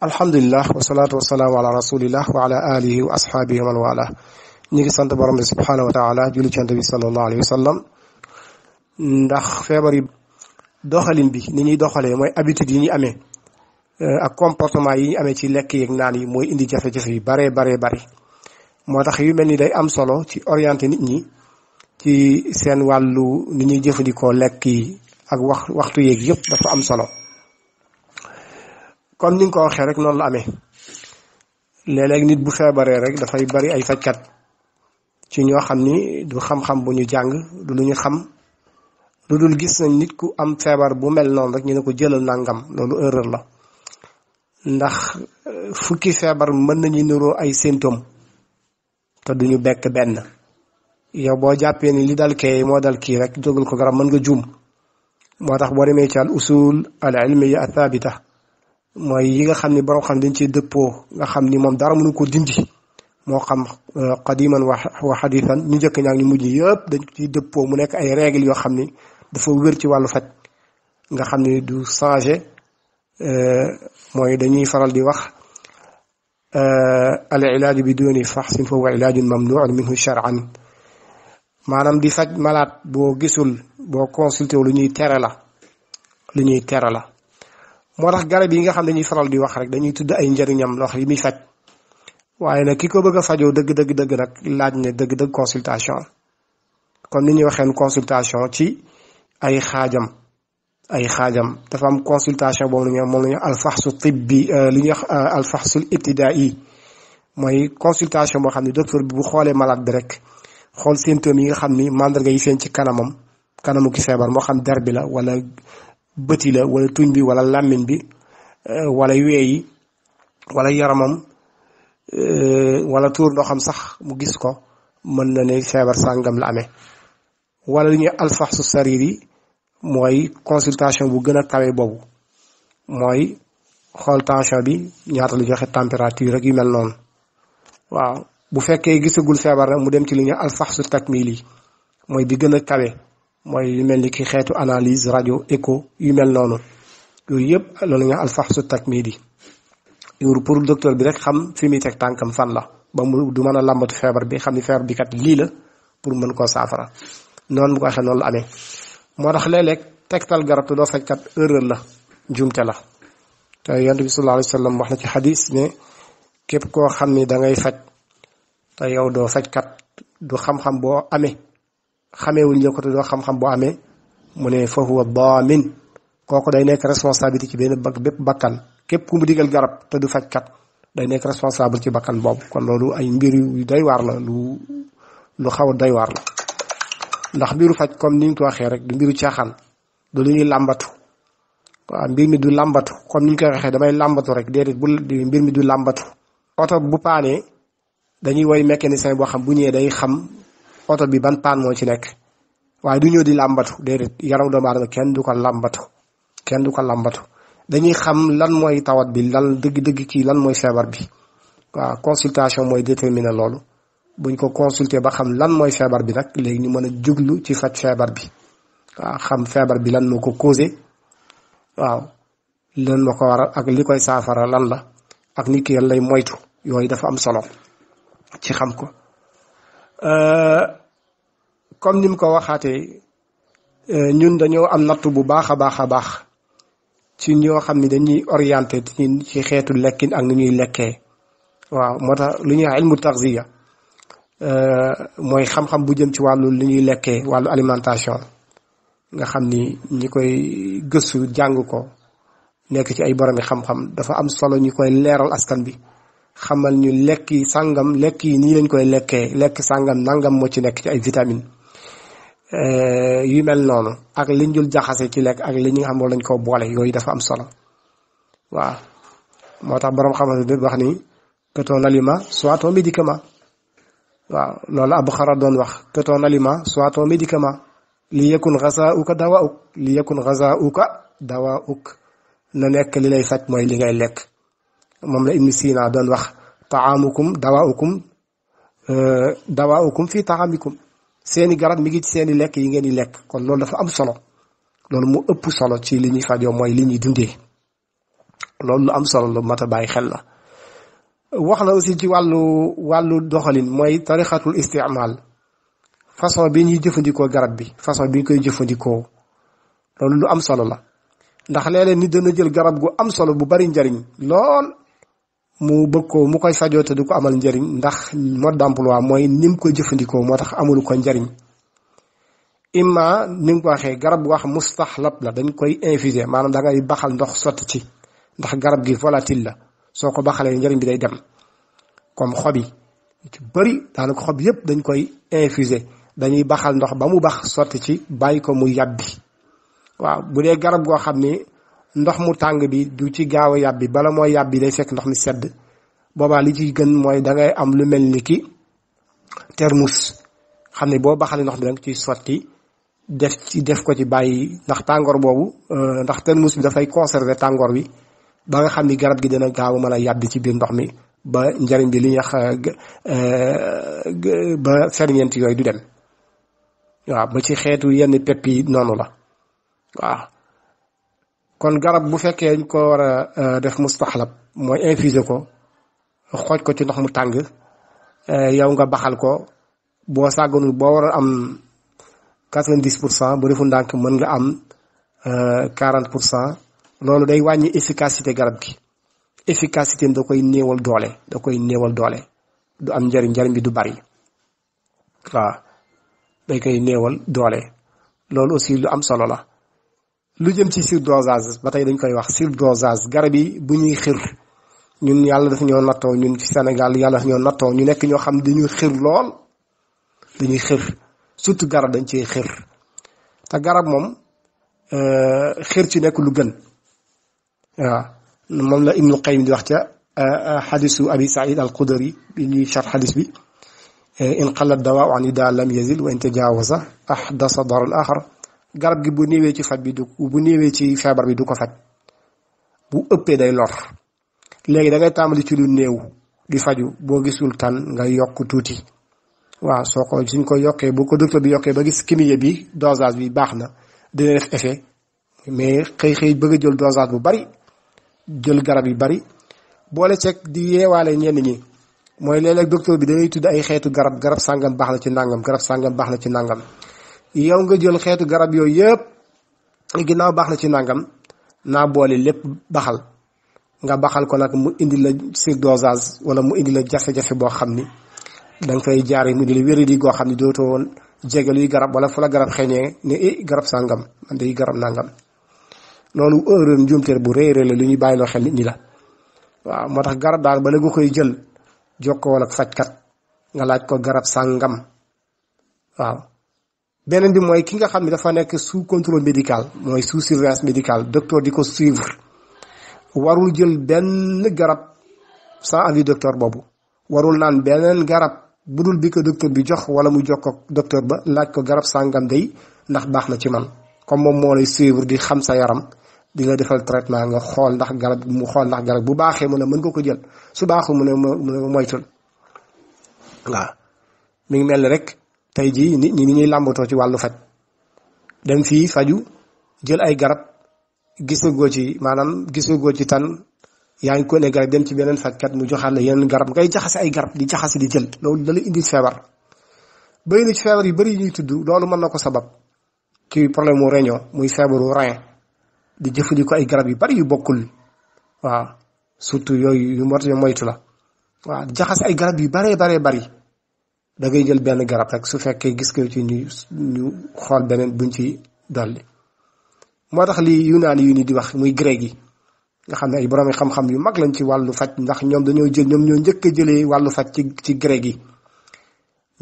alhamdulilah wasalaatu wasalaamu ala rasulillah wa ala alihi wa ashaabihi man ngi sant borom bi subhaanahu wa taala julli bi sallallahu alayhi wa sallam ndax feebar yi doxalin bi ni ñuy doxalee mooy habitude yi ñuy amee euh, ak comportement yi amee ci lekk yeeg naan yi mooy indi jafe yu baree baree bari moo tax yu mel ni day am solo ci orienté ñi ci seen wàllu ni ñuy jëfandikoo lekk yi ak wax waxtu yeeg yëpp dafa am solo kon ni ko waxee rek noonu la amee léeg nit bu feebaree rek dafay bari ay fajkat ci ñoo xam ni du xam-xam bu ñu jàng lu ñu xam lu dul gis nañ nit ku am feebar bu mel noonu rek ñu ne ko jëlal nangam loolu erreur la ndax euh, fukki feebar mën nañu niroo ay symptômes te duñu bekk benn yow boo jàppee ni li dal kee moo dal kii rek jógal ko garab mën nga juum moo tax boo demee ci al usul al ilmiya athabita mooy yi nga xam ni borom xam dañ cee dëppoo nga xam ni moom dara mënu ko dindi moo xam euh, qadiman wa xadisan ñu njëkk ñaa ngi mujj yëpp dañ ciy dëppoo mu nekk ay règle yoo xam ni dafa wér ci wàllu faj nga xam ni du changé euh, mooy dañuy faral di wax euh, al ilaaju bi duni faxsin fa huwa ilaajun mamnuun minhu shar'an maanaam di faj malaat boo gisul boo consulté wu lu ñuy terala la lu ñuy tere la moo tax garab yi nga xam ñuy faral di wax rek dañuy tudd ay njariñam loo xam yi muy faj waaye nag ki ko bëgg a fajoo dëgg dëgg dëgg nag laaj ne dëgg dëgg consultation kon ni ñuy waxeen consultation ci ay xaajam ay xaajam dafa am consultation boobu la ñu moom la ñu alfaxsu tibbi euh, li ñuy wax euh, alfaxsul ibtidaa'i mooy consultation boo xam ne docteur bi bu xoolee malaat bi rek xool symptômes yi nga xam ni nga yi feeñ ci kanamam kanamu ki feebar moo xam der bi la walla bëti la wala tuñ bi wala làmmiñ bi euh, wala weeyi wala yaramam euh, wala tuur ndoxam sax mu gis ko mën na ne feebar sàngam la ame wala li ñuy su sariir yi mooy consultation bu gën a kawe boobu mooy xool tension bi ñaata lu joxe température rek yu mel noonu waaw bu fekkee gisagul feebar nag mu dem ci li ñuy alfaxsu yi mooy bi gën a kawe mooy yu mel ni ki xeetu analyse rajo écho yu mel noonu yooyu yëpp loolu nga alfaxsu takmidi yooyu pour docteur bi rek xam fi muy teg tànkam fan la ba mu du mën a làmbatu feebar bi xam ni feebar bi kat lii la pour mën koo saafara noonu bu ko waxee noonu la amee moo tax léeg-léeg tegtal garab te doo faj kat erreur la njuumte la te yonent bi sallallahu alayhi wax na ci xadis ne képp koo xam ni dangay faj te yow doo fajkat du xam-xam boo amee. xameewuñ la ko te doo xam-xam boo amee mu ne fa huwa daamin kooku day nekk responsabilité ci benn bakk bépp bakkan képp ku mu digal garab te du fajkat day nekk responsable ci bakkan boobu kon loolu ay mbir yu doy waar la lu lu xaw a doy waar la ndax mbiru faj comme niñ ñu ko waxee rek du mbiru caaxaan du lu ñuy làmbatu waaw mbir mi du làmbatu comme ni ñu koy damay làmbatu rek déedéet bu mbir mi du làmbatu oto bu paanee dañuy woy mécanicien boo xam bu ñëwee day xam oto bi ban paan moo ci nekk waaye du ñëw di làmbatu déedéet yaram doomu aadama kenn du ko làmbatu kenn du ko làmbatu dañuy xam lan mooy tawat bi lan dëgg-dëgg ci lan mooy feebar bi waaw consultation mooy déterminer loolu buñ ko consulter ba xam lan mooy feebar bi nag léegi ñu mën a juglu ci faj feebar bi waaw xam feebar bi lan moo ko causé waaw lan moo ko war ak li koy saafara lan la ak nit ki yan lay moytu yooyu dafa am solo ci xam ko Euh, comme ni mu ko waxaatee euh, ñun dañoo am nattu bu baax a baax a baax ci ñoo xam ne dañuy orienté ci xeetu lekkin ak ni ñuy lekkee waaw moo tax lu ñuy wax ilmu taxziya euh, mooy xam-xam bu jëm ci wàllu li ñuy lekkee wàllu alimentation nga xam ni ñi koy gëstu jàng ko nekk ci ay boromi xam-xam dafa am solo ñu koy leeral askan bi xamal ñu lekk yi sàngam lekk yi nii lañ koy lekkee lekk sàngam nangam moo ci nekk ci ay vitamine euh, yu mel noonu ak liñ dul jaxase ci lekk ak li ñi nga xam koo boole yooyu dafa am solo waaw moo tax boroom xam-xam bi wax ni que ton aliment soit ton médicament waaw loolu Abu Xara doon wax que ton aliment soit ton médicament li yakun ghazaa'uka dawaa'uk li yakun ghazaa'uka dawaa'uk nekk li lay faj mooy li ngay lekk moom la ibnu sina doon wax taamukum dawaukum euh, dawaukum fii taamikum seeni garab mi ngi ci seeni lekk yi ngeen di lekk kon loolu dafa am solo loolu mu ëpp solo ci li ñuy fajoo mooy li ñuy dundee loolu lu am solo lu mat a bàyyi xel la wax na aussi ci wàllu wàllu doxalin mooy tarixatul istimal façon bi ñuy jëfandikoo garab bi façon bi ñu koy jëfandikoo loolu lu am solo la ndax léeg ni nit dana jël garab gu am solo bu bari njariñ lool mu bëgg ko mu koy fajoo te du ko amal njariñ ndax mode d'emploi mooy nim koy jëfandikoo moo tax amul ko njariñ imma ni ko waxee garab bu wax mustaxlab la dañ koy infuser maanaam da ngay baxal ndox sotti ci ndax garab gi volatile la soo ko baxalee njariñ bi day dem comme xob yi ci bëri daanaka xob yépp dañ koy infuser dañuy baxal ndox ba mu bax sotti ci bàyyi ko mu yàbbi waaw bu dee garab goo xam ni ndox mu tàng bi du ci gaaw a yàbbi bala mooy yàbbi day fekk ndox mi sedd boobaa li ciy gën mooy da ngay am lu mel ni ki termus xam ne boo baxalee ndox mi da nga ciy sotti def ci def ko ci bàyyi ndax tàngoor boobu euh, ndax termus bi dafay conservé tàngoor bi ba nga xam ni garab gi dina gaaw mën a yàbbi ci biir ndox mi ba njariñ bi li ñuy wax euh, euh, ba ferñeent yooyu du dem waaw ba ci xeetu yenn pepp noonu la waaw kon garab bu fekkee dañ ko war a euh, def mustaxlab mooy infuser ko xooj ko ci ndox mu tàng euh, yow nga baxal ko boo sàgganul boo war a am quatre-vingt-dix pour cent bu defu ndànk mën nga am euh, quarante pour cent loolu day wàññi efficacité garab gi efficacité doo koy néewal doole doo koy néewal doole du am njariñ njariñ bi du bari waaw day koy néewal doole loolu aussi lu am solo la lu jëm ci surdosage ba tey dañ koy wax surdosage garab yi bu ñuy xir ñun yàlla daf ñoo nattoo ñun ci Sénégal yàlla daf ñoo nattoo ñu nekk ñoo xam dañuy xir lool dañuy xir surtout garab dañ cee xir te garab moom euh, xir ci nekk lu gën waaw moom la Ibnu Qayyim di wax ca xadisu euh, Abi Saïd al Xudri bi ñuy char xadis bi in qalla dawaau an ida lam yazil wa in tajaawaza ahdasa daral axar garab gi bu néewee ci faj bi du bu néewee ci feebar bi du ko faj bu ëppee day lor léegi da ngay tàmbali ci lu néew di faju boo gisul tan nga yokk tuuti waaw soo ko suñ ko yokkee bu ko docteur bi yokkee ba gis kimie bi dosage bi baax na dina def effet mais xëy xëy bëgg jël dosage bu bari jël garab yu bari boole ceeg di yeewaale ñenn ñi mooy léeg-léeg bi da ngay tudd ay xeetu garab garab sàngam baax na ci nàngam garab sàngam baax na ci nàngam yow nga jël xeetu garab yooyu yëpp ginnaaw baax na ci nangam naa boole lépp baxal nga baxal ko nag mu indi la si surdosage wala mu indi la jafe-jafe boo xam ni danga fay jaar mu indi la xam ni dootoo woon jege garab wala fu la garab xeeñee ne eh garab sàngam man day garab nangam loolu erreur njuumteer bu rëy rëy la lu ñuy bàyyi loo xel nit ñi la waaw moo tax garab daal bala nga koy jël jokkoo ak fajkat nga laaj ko garab sàngam waaw beneen bi mooy ki nga xam ne dafa nekk sous contrôle médical mooy sous surveillance médical docteur di ko suivre warul jël benn garab sans avis docteur boobu warul naan beneen garab bu dul bi ko docteur bi jox wala mu jox ko docteur ba laaj ko garab sàngam day ndax baax na ci man comme moom moo lay suivre di xam sa yaram di nga defal traitement nga xool ndax garab mu xool ndax garab bu baaxee mu ne mën nga ko jël su baaxul mu ne mu ne moytul waaw mi ngi mel ni rek. tey jii nit ñi ni ñuy làmbatoo ci wàllu faj dem fii faju jël ay garab gisagoo ci maanaam gisagoo ci tan yaa ngi ko ne garab dem ci beneen fajkat mu joxaat la yeneen garab ngay jaxase ay garab di jaxase di jël loolu da la indi feebar bëri na feebar yu bëri ñuy tudd loolu mën na ko sabab ki problème mu réunion muy feebaru rein di jëfandikoo ay garab yu bari yu bokkul waaw surtout yooyu yu mot moytu la waaw jaxase ay garab yu baree baree bari da ngay jël benn garab rek su fekkee gis nga ci ñu xool beneen buñ ci dolli moo tax lii naan yu nii di wax muy grec yi nga xam ne ay borom xam-xam yu mag lañ ci wàllu faj ndax ñoom dañoo jël ñoom ñoo njëkk a jëlee wàllu faj ci ci grec yi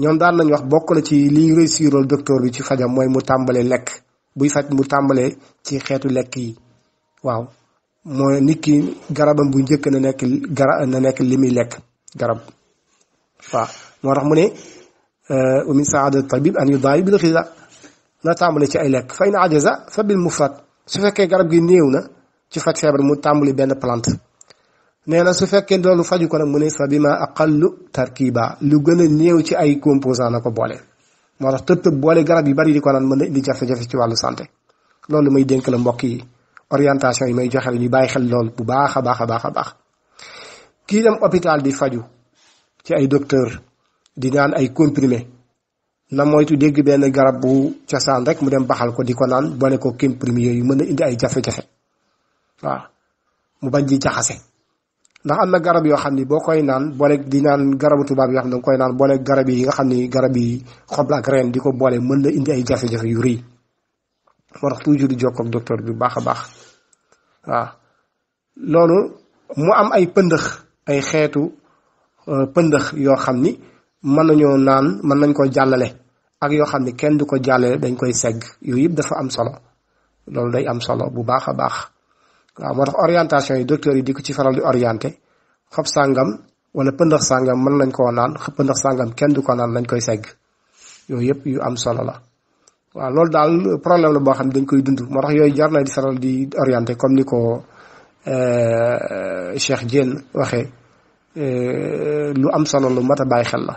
ñoom daan nañ wax bokk na ci liy réussiral docteur bi ci fajam mooy mu tàmbalee lekk buy faj mu tàmbalee ci xeetu lekk yi waaw mooy nit ki garabam bu njëkk na nekk gara nekk li muy lekk garab waaw moo tax mu ne euh, wa min saadati tabib an yudaawi bil ghidha na tàmbale ci ay lekk fa in ajaza fa mu fat su fekkee garab gi néew na ci faj feebar mu tàmbali benn plante nee na su fekkee loolu faju ko nag mu ne fa bi ma aqallu tarkiba lu gën a néew ci ay composant na ko boole moo tax tëb tëb boole garab yi bari di ko naan mën na indi jafe-jafe ci wàllu santé loolu may dénk la mbokk yi orientation yi may joxe la ñu bàyyi xel lool bu baax a baax a baax a baax kii dem hôpital di faju ci ay docteur di naan ay comprimé na mooy tu dégg benn garab bu cosaan rek mu dem baxal ko di ko naan boole koo comprimé yu mën na indi ay jafe-jafe waaw mu bañ ji jaxase ndax am na garab yoo xam ni boo koy naan boole di naan garabu tubaab yoo xam ne naan boole garab yi nga xam ni garab yi xob la di ko boole mën na indi ay jafe-jafe yu rëy moo tax toujours di jokkoo ak docteur bi baax a baax waaw loolu mu am ay pëndëx ay xeetu euh, pëndëx yoo xam ni. mën nañoo naan mën nañ koo jàllale ak yoo xam ne kenn du ko jàllale dañ koy segg yooyu yëpp dafa am solo loolu day am solo bu baax a baax waaw moo tax orientation yi docteur yi di ci faral di orienté xob sàngam wala pëndax sàngam mën nañ koo naan xëpp pëndax kenn du ko naan nañ koy segg yooyu yëpp yu am solo la waaw loolu daal problème la boo xam ne dañ koy dund moo tax yooyu jar na di faral di orienté comme ni ko euh, Cheikh Diène waxee euh, lu am solo lu mat a bàyyi xel la